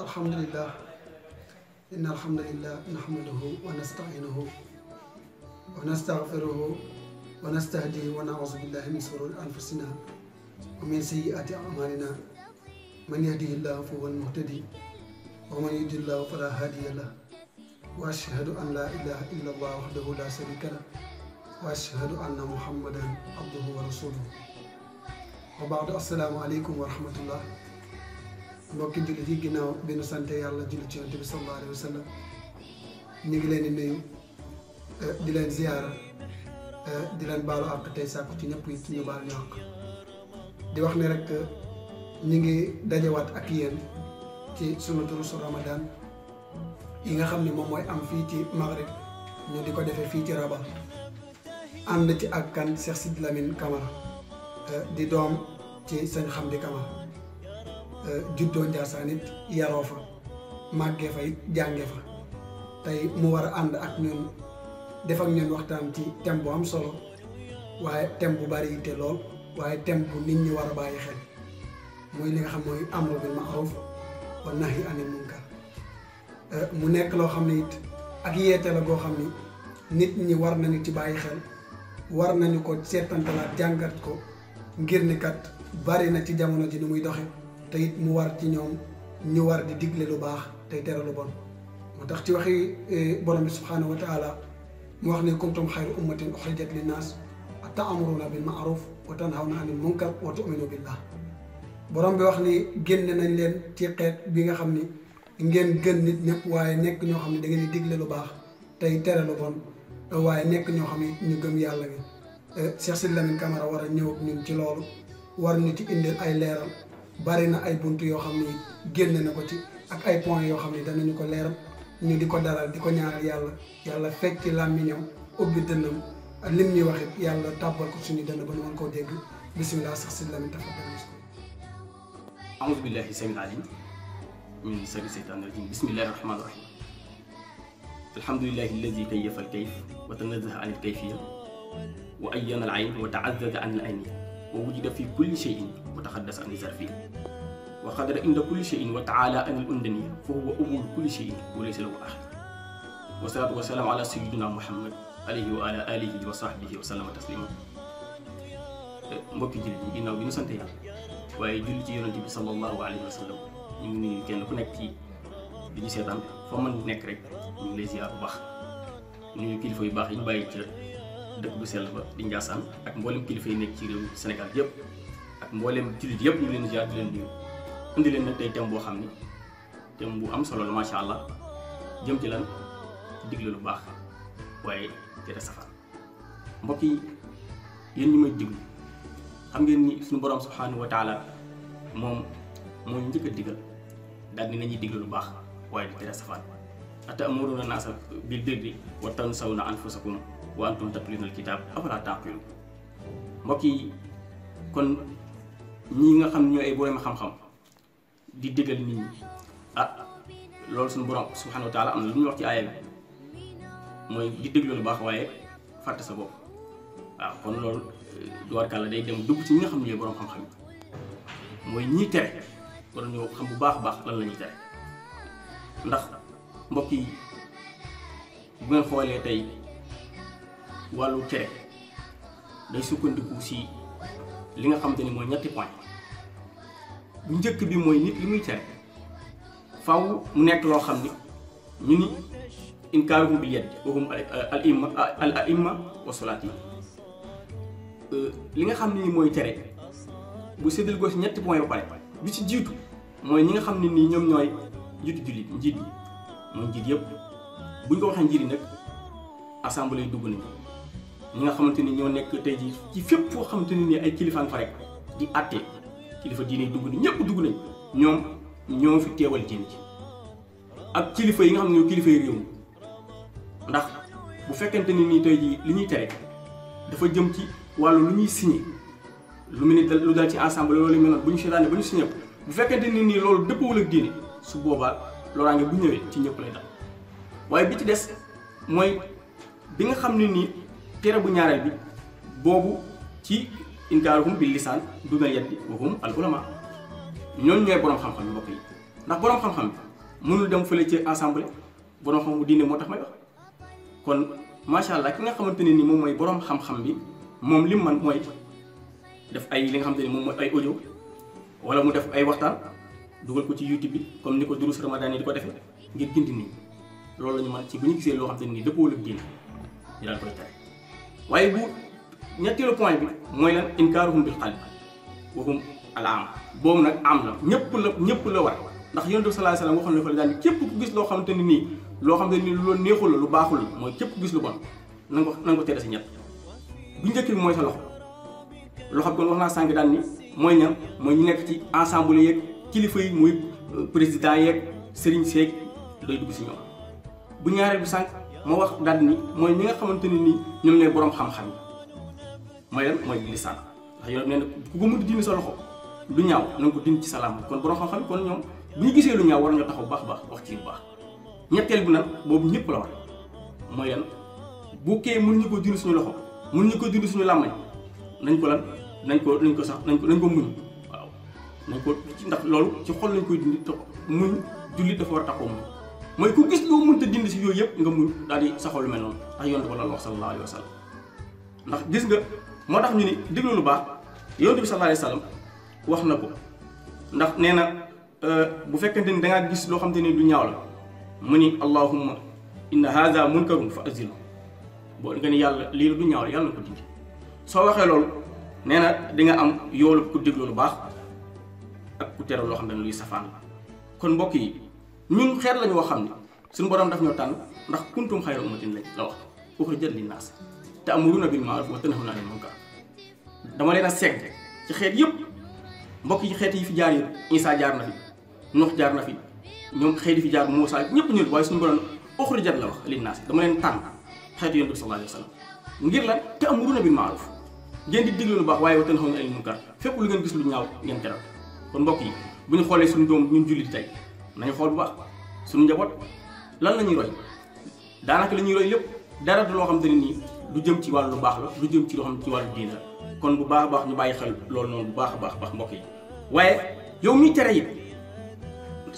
الحمد لله إن الحمد لله نحمده ونستعينه ونستغفره ونستهديه ونعوذ بالله من شرور أنفسنا ومن سيئات أعمالنا من يهده الله فهو المهتدي ومن يضلل الله فلا هادي له وأشهد أن لا إله إلا الله وحده لا شريك له وأشهد أن محمدا عبده ورسوله وبعد السلام عليكم ورحمة الله mbokki jullit yi ginnaaw bi nu sante yàlla jullit ci yonent bi sallallahu alayhi wa sallam ñu ngi leen di eh, di leen ziyaara eh, di leen baalu àq tey sàkku ci ñëpp it ñu baal ñu àq di wax ne rek eh, ñu ngi dajewaat ak yéen ci suma durusu Ramadan yi nga xam ni moom mooy am fii ci Maghreb ñu di ko defee fii ci Rabat ànd ci ak kan Cheikh Sidy Lamine Camara di doom ci xam di Camara Eh, juddoo Njaasaan it yaroo fa màggee fa it jànge fa tay mu wara and ak ñun def ak ñun waxtaan ci tempo am solo waye tempo bari te lool waye tempo nit ñi wara a xel moy li nga xam moy amul bil ma'ruf wa nahyi anil munkar eh, mu nekk lo xamni it ak la go xamni nit ñi war nañu ci xel war nañu ko seetantalaat jangat ko ngir ni kat bari na ci jamono ji ni muy doxé te it mu war ci ñoom ñu war di digle lu baax tey tere lu bon moo tax ci waxi borom bi subhaanahu wa taala mu wax ne kuntum xayru ummatin uxrijat linnaas taamuruna bil maaruf wa tanhawna anil munkar wa tu'minu billah borom bi wax ni génne nañ leen ci xeet bi nga xam ni ngeen gën nit ñëpp waaye nekk ñoo xam ne da ngeen di digle lu baax tey tere lu bon waaye nekk ñoo xam ne ñu gëm yàlla bi Cheikh Sidy Lamine Camara war a ñëw ak ñun ci loolu war ñu ci indil ay leeral bari na ay buntu yo xamni génn na ko ci ak ay point yo xamni ni nañu ko leeral ñu diko daral diko di ñaanal yàlla yàlla fekk ci làmmiñam ubbi dënnam lim ñi wax yàlla tabal ko suñu dënn ba ñu ko dégg sax si lamin tafaddal أعوذ بالله السميع العليم من شر الشيطان الرجيم بسم الله الرحمن الرحيم الحمد لله الذي كيف الكيف وتنزه عن الكيفية وأين العين وتعذد عن العين ووجد في كل شيء وتحدث عن زرفين وقدر عند كل شيء وتعالى عن الأندنية فهو أول كل شيء وليس له أحد والصلاة والسلام على سيدنا محمد عليه وعلى آله وصحبه وسلم تسليما مبكي جلدي إنا وبين سنتيا وأي جلدي ينجي صلى الله عليه وسلم إني كان لكم نكتي بني سيطان فمن نكرك من لزيار بخ نيو كيل في باخ يبايت dëkk bu sell ba di Ndiassane ak mboolem kilifa yi nekk ci réew Sénégal yëpp ak mboolem jullit yëpp ñu leen ziar di leen nuyu indi leen nag day thème boo xam ni bu am solo la macha allah jëm ci lan digle lu baax waaye tere safar mbokk yi yéen ñi may diglu xam ngeen ni suñu borom subhanahu wa taala moom moo njëkk a digal daal ni nañuy digle lu baax waaye di tere safar ata amuruna naasa bil birri wa tansawna anfusakum wa antum tatluna alkitab afala taqilun mbokk yi kon ñi nga xam ne ñoo ay borom xam-xam di dëggal nit ah, loolu suñu borom subhanahu wa am na lu ñu wax ci aaya bi mooy di déglu lu baax waaye fàtte sa bopp waaw kon loolu du eh, war kàlla day dem dugg si ñi nga xam ne borom xam-xam mooy ñii tere war ñoo xam bu baax a baax lan la ñuy tere ndax mbokk yi bu ngeen xoolee tey. walu té day sukkandiku ci li nga xamanteni moy ñetti point bu ñëkk bi moy nit limuy muy téré faaw mu nekk lo xamni ñu ni inkaruhum bil yad wa hum al imma al imma wa salati euh li nga xamni moy téré bu sédel go ci ñetti point ba paré bi ci jitu moy ñi nga xamni ni ñom ñoy jitu julit njit ñi moy njit yépp buñ ko waxe njiri nak assemblée dugg nañu ñi nga xamante ni ñoo nekk tey ji ci fépp foo xamante ni ay kilifa fa rek di àtte kilifa diine dugg ni ñëpp dugg nañ ñoom ñoo fi teewal diine ji ak kilifa yi nga xam ne ñoo kilifay yi réew mi ndax bu fekkente ni nii tey ji li ñuy tere dafa jëm ci wàllu lu ñuy signé lu mel ni lu dal ci ensemble loolu mel noonu bu ñu seetaane ba ñu signé bu fekkente ni nii loolu dëppawul ak diine su boobaa loraange bu ñëwee ci ñëpp lay dal waaye bi ci des mooy bi tere bu ñaareel bi boobu ci inkaaruhum bi lisaan dunal yaddi wa hum al ulama ñoom ñooy borom xam-xam yi mbokk yi ndax borom xam-xam bi mënul dem fële ci assemblée borom xam bu diine moo tax may kon macha ki nga xamante ne ni moom mooy borom xam bi moom lim man mooy def ay li nga xamante ne moom mooy ay audio wala mu def ay waxtaan dugal ko ci youtube bi comme ni ko durus ramadan yi di ko defee ngir gindi nit loolu la ñu man ci bu ñu gisee loo xamante ne ni dëppoo ak diine ñu koy tere waaye bu ñetti le point bi moy lan inkaaruhum bil qalbi waxum al am bom nak am la ñepp la ñepp la war ndax yunus sallallahu alayhi wasallam waxon la ko dal daal képp ku gis lo xamanteni ni lo xamanteni lu lo neexul la lu baxul la mooy képp ku gis lu bon nang wax nang ko tedd ci ñet bu njëkk bi mooy sa loxo loxo bi wax naa sànq dal ni moy ñam moy ñu nekk ci ensemble yek kilifa yi moy euh, president yek serigne seeg lay dugg si ñoom bu ñaareel bu sànq mo wax dal ni moy ñi nga xamanteni ni ñom lay borom xam-xam moy mooy lan mooy lisaan ndax yow nee ku ko mudd dindi sa loxo du ñaaw na nga ko dindi ci salam kon borom xam-xam kon ñom bu ñu gisee lu ñaaw war nga taxaw bax bax wax ci bax ñettel bu bi bobu ñepp la war moy lan bu ke mu ñu ko dindi suñu loxo mu ñu ko dindi suñu lamay nañ ko lan nañ ko nañ ko sax nañ ko nañ ko muñ waaw nañ ko ndax lolu ci xol lañ koy dindi tok muñ julli dafa war taxaw muñ moy ku gis mën ta dindi ci yoy yep nga mu daal di saxal mel non ndax yoonu bi la wax sallallahu alaihi wasallam ndax gis nga motax ñu ni deglu lu baax yoonu bi sallallahu alaihi wasallam wax na ko ndax neena euh bu fekkanteni da nga gis lo xamanteni du ñaaw la mu ni allahumma inna hadha munkarun fa azil bo nga ni yalla li la du ñaaw yalla ko dindi so waxe lol neena di nga am yoolu ku deglu lu baax ak ku teral lo xamanteni luy safaan kon mbokk yi ñun xeet lañu wax xam suñu borom daf ñoo tan ndax kuntum khayru ummatin lañ la wax jël li naas te amuruna bil maaruf wa tanhawna anil munkar dama leena a segg ci xeet yépp mbokk yi xeet yi fi jaar yi Isa jaar na fi Nuux jaar na fi ñom xeet yi fi jaar Muusa ñëpp ñu way suñu borom uxrijat la wax li nas dama leen tan xeetu yi sallallahu alayhi wasallam ngir lan te amuruna bil maaruf ngeen di diglu lu baax waaye wa tanhawna anil munkar fepp lu ngeen gis lu ñaaw ngeen teral kon mbokk yi buñu xolé suñu doom ñun julit tay nañu xool bu baax suñu njaboot lan la ñuy roy daanaka li ñuy roy lépp dara du loo xam te ne nii lu jëm ci wàllu baax la lu jëm ci loo xam ci wàllu diina la kon bu baax baax ñu bàyyi xel loolu noonu bu baax a baax baax mbokk yi waaye yow miy tere it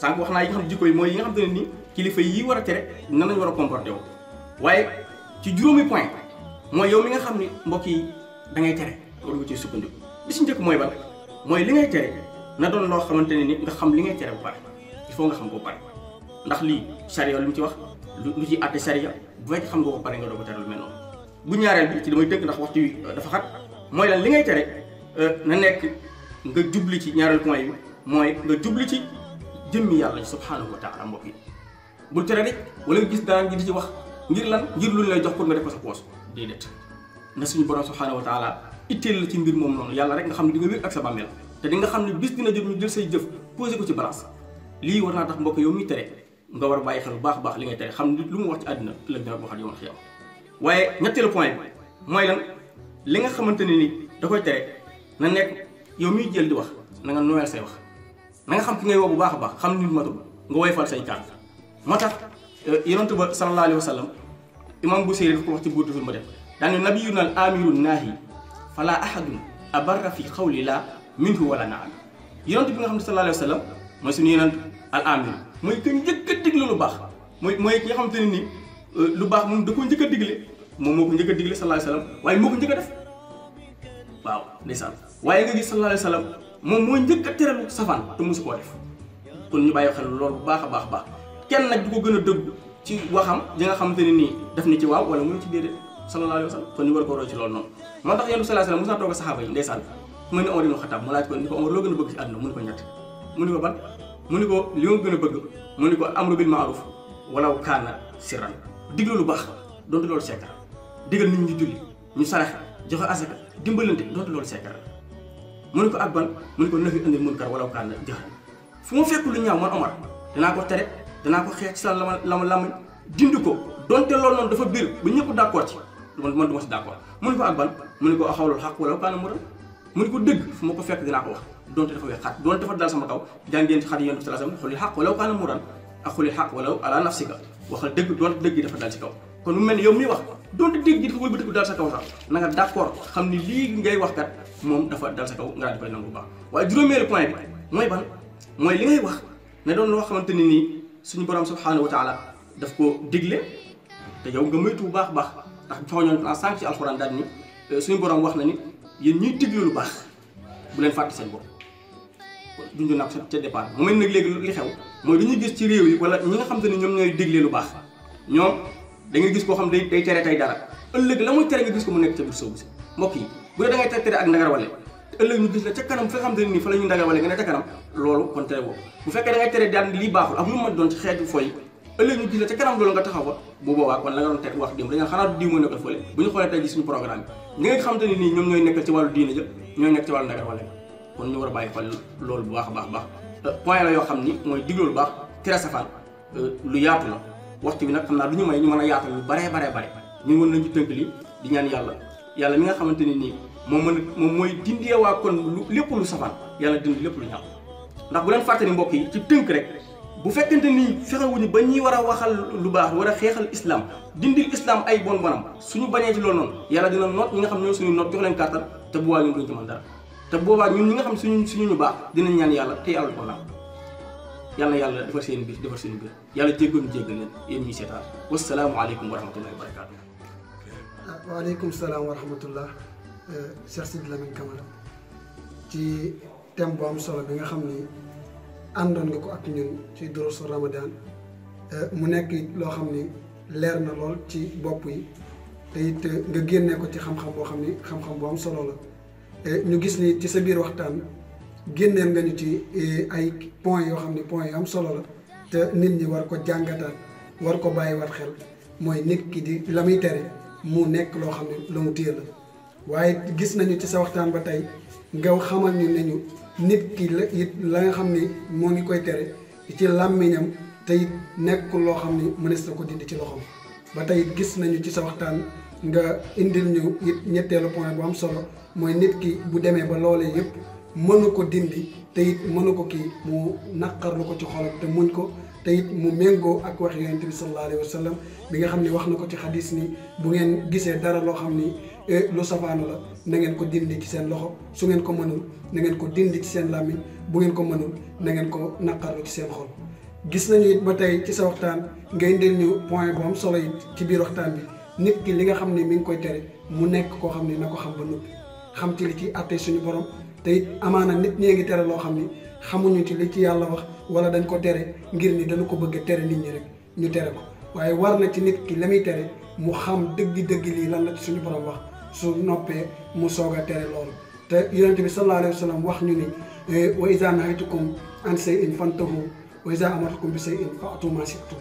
sànq wax naa yi nga xam jikko yi mooy yi nga xam te ne nii kilifa yi war a tere nan lañ war a comporté woo waaye ci juróomi point mooy yow mi nga xam ne mbokk yi da ngay tere war ci sukkandiku bi si njëkk mooy ban mooy li ngay tere na doon loo xamante ne ni nga xam li ngay tere bu pare fo nga xam ko pare ndax li sharia lu ci wax lu ci atté sharia bu fekk xam nga ko pare nga do ko tere mel noonu bu ñaareel bi ci damay dëkk ndax waxtu euh, dafa xat moy lan li ngay tere euh, na nek nga jubli ci ñaareel point yi moy nga jubli ci jëmmi yalla subhanahu wa taala mo fi bu téré rek wala gis dara ngi di ci wax ngir lan ngir lu lay jox pour nga def ko sa poos dedet na suñu borom subhanahu wa taala itel la ci mbir mom non yalla rek nga xam ne di nga wër ak sa bàmmeel te di nga xam ne bis dina jëm ñu jël say jëf poser ko ci balance lii war naa tax mbokk yow muy tere nga war a bàyyi xel bu baax baax li ngay tere xam lu mu wax ci àddina ëllëg dina ko waxaat waaye ñetteelu point mooy lan li nga xamante ne ni da koy na nekk yow muy jël di wax na nga noyal say xam ki ngay woo bu baax a baax xam nit matul nga woyfal say moo tax euh, yonent ba sallallahu alayhi wa sallam imam ko wax ci buur duful ma def daane nabiyunal amiru naahi fala ahadun abarra fi xawli la minhu wala naam yonent bi nga xam ne sallallahu alayhi wa sallam mooy suñu al amin mooy ki njëkk a digle lu bax mooy moy ki xamanteni ni euh, lu bax moom da ko njëkk a digle moom moo ko digle sallallahu alayhi wasallam waye moko moo def waaw ndeysaan waye nga gi sallallahu alayhi wasallam sallam mo moo njëkk a teral safaan te mosu ko def kon ñu bayyi xel lool bu baaxa baax baax kenn nak du ko gëna a ci waxam di nga xamanteni ni def ni ci waaw wala mu ci déedéet sallallahu alayhi wasallam kon ñu war ko ro ci lool non mo tax yalla sallallahu alayhi wasallam sallam mos naa toog yi ndeysaan mu ne Omar ibn Xataab mu laaj ko ni ko Omar lo gëna bëgg ci aduna mu ni ko ñatt mu ni ko ban muniko ni gëna bëgg muniko amru bil ma'ruf wala kana sirran diglu lu bax donte lool sekkara digal nit ñi julli ñu sarax joxe asaka dimbalante donte lool sekkara muniko ni ko ak ban mu nafi andil munkar wala kana jëxan fu mu fekk lu ñaaw man omar danaa ko téré danaa ko xex ci lam lama lama lama ko donte loolu non dafa bir bu ñepp d'accord ci man man du ci d'accord d' ko ak ban mu xawlul haq wala kana fu fekk dina ko wax donte dafa wex xat donte dafa dal sama kaw jàngeen ci xat yonte sallallahu alayhi wasallam xulil xaq walaw kana muran akhulil haqq xaq walaw ala nafsika waxal deug donte deug dafa dal ci kaw kon mu melni yow mi wax donte deug gi dafa wul wëlbatiku dal sa kaw sax na nga d'accord xamni li ngay wax kat mom dafa dal sa kaw nga daal di koy nangu baax way juróomeelu point bi moy ban moy li ngay wax na doon wax xamanteni ni suñu borom subhanahu wa taala daf ko diglé te yow nga moytu bu baax baax ndax faxoñoon en sànq ci alcorane daal ni suñu borom wax na ni yeen ñi digle lu baax bu len fatte sen bopp dund naa ko ca départ mu mel nag léegi li xew mooy li ñu gis ci réew yi wala ñi nga xam te ne ñoom ñooy digle lu baax ñoom da nga gis koo xam day day tere tey gis ko mu nekk yi bu dee da ngay tere ak te ëllëg ñu gis la ca kanam fi nga xam te ne nii fa la ñuy ndagar wale ne ca kanam nga taxaw fa bu boobaa kon la ñoom ñooy nekkal ci wàllu diine ja ñooy nekk ci wàllu ndagar wale kon ñu war a bàyyi xel loolu bu baax a baax baax euh, point la yoo xam ni mooy digle lu baax tere safaan euh, lu yaatu la waxtu bi nag xam naa ñu may ñu mën a lu bare bare bare ñu mën nañu tënk li di ñaan yàlla yàlla mi nga xamante ni nii moom mën moom mooy dindee waa kon lu lépp lu safaan yàlla dind lépp lu ñaaw ndax bu leen fàttali mbokk yi ci tënk rek bu fekkente ni fexewuñu ba ñuy war a waxal lu baax war a xeexal islam dindil islam ay bon bonam suñu bañee ci loolu noonu yàlla dina noot ñi nga xam ñoo suñu noot jox leen kàttan te bu waa ñu duñ ci man dara te boobaa ñun ñi nga xam suñu suñu ñu baax dinañ ñaan yàlla te yàlla ko yàlla yàlla defar seen biir defar seen biir yàlla jéggal ñu jéggal leen yéen ñuy seetaan wasalaamualeykum wa rahmatullahi wa barakaatu. ah waaleykum salaam wa rahmatullah euh, Cheikh Sidi Lamine ci thème bu am solo bi nga xam ni àndoon nga ko ak ñun ci durusu Ramadan euh, mu nekk loo xam ni leer na lool ci bopp yi te it nga génnee ko ci xam-xam boo xam ni xam-xam bu am solo la. Eh, ñu gis ni ci sa biir waxtaan génneel nga ñu ci eh, ay point yoo xam ne point yu am solo la te nit ñi war ko jàngataat war ko bàyyiwaat xel mooy nit ki di la muy tere mu nekk loo xam ne la mu téye la waaye gis nañu ci sa waxtaan ba tey nga xamal ñu ne nit ki la it la xam ne moo ngi koy tere ci làmmiñam te it loo xam ne mënees na ko dindi ci loxoom ba tey gis nañu ci sa waxtaan nga indil ñu it ñetteelu point bu am solo. mooy nit ki bu demee ba loolee yëpp mënu ko dindi te it mënu ko kii mu naqarlu ko ci xolam te muñ ko te it mu méngoo ak wax yonent bi sallallahu alayhi bi nga xam ni wax na ko ci xadis ni bu ngeen gisee dara loo xam ni eh, lu safaanu la na ngeen ko dindi ci seen loxo su ngeen ko mënul na ngeen ko dindi ci seen làmmiñ bu ngeen ko mënul na ngeen ko naqarlu ci seen xol gis nañu it ba tey ci sa waxtaan ngay indil ñu point bu solo it ci biir waxtaan bi nit ki li nga xam ne mi ngi koy tere mu nekk koo xam ne na ko xam ba noppi xam ci li ci àtte suñu borom te it amaana nit ñee ngi tere loo xam ni xamuñu ci li ci yàlla wax wala dañ ko tere ngir ni dañu ko bëgg tere nit ñi rek ñu tere ko waaye war na ci nit ki la muy tere mu xam dëgg-dëgg lii lan la ci suñu borom wax su noppee mu soog a tere loolu te yonent bi sallallahu wa sallam wax ñu ni wa iza nahaytukum an shay'in fantahu wa iza amartukum bi shay'in fa'tu ma shi'tum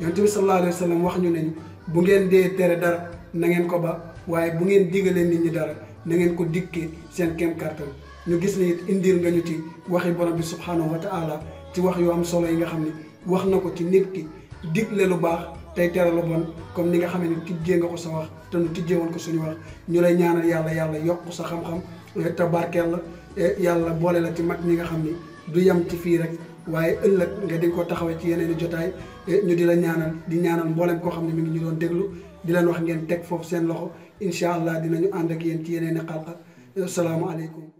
yonent bi sallallahu alayhi wa wax ñu ne bu ngeen dee tere dara na ngeen ko ba waaye bu ngeen digalee nit ñi dara na ngeen ko dikke seen kem kàttan ñu gis ne it indil nga ñu ci waxi borom bi subhanahu wa taala ci wax yu am solo yi nga xam ne wax na ko ci nit ki digle lu baax tey tere lu bon comme ni nga xam ne tijjee nga ko sa wax te nu tijjee woon ko suñu wax ñu lay ñaanal yàlla yàlla yokk sa xam-xam eh, te barkeel la eh, yàlla boole la ci mag ñi nga xam ni du yam ci fii rek waaye ëllëg nga di ko taxawee ci yeneen i jotaay eh, ñu di la ñaanal di ñaanal mboolem koo xam mi ngi ñu doon déglu di leen wax ngeen teg foofu seen loxo incha allah dinañu ànd ak yéen ci yeneen i xalqa asalaamaaleykum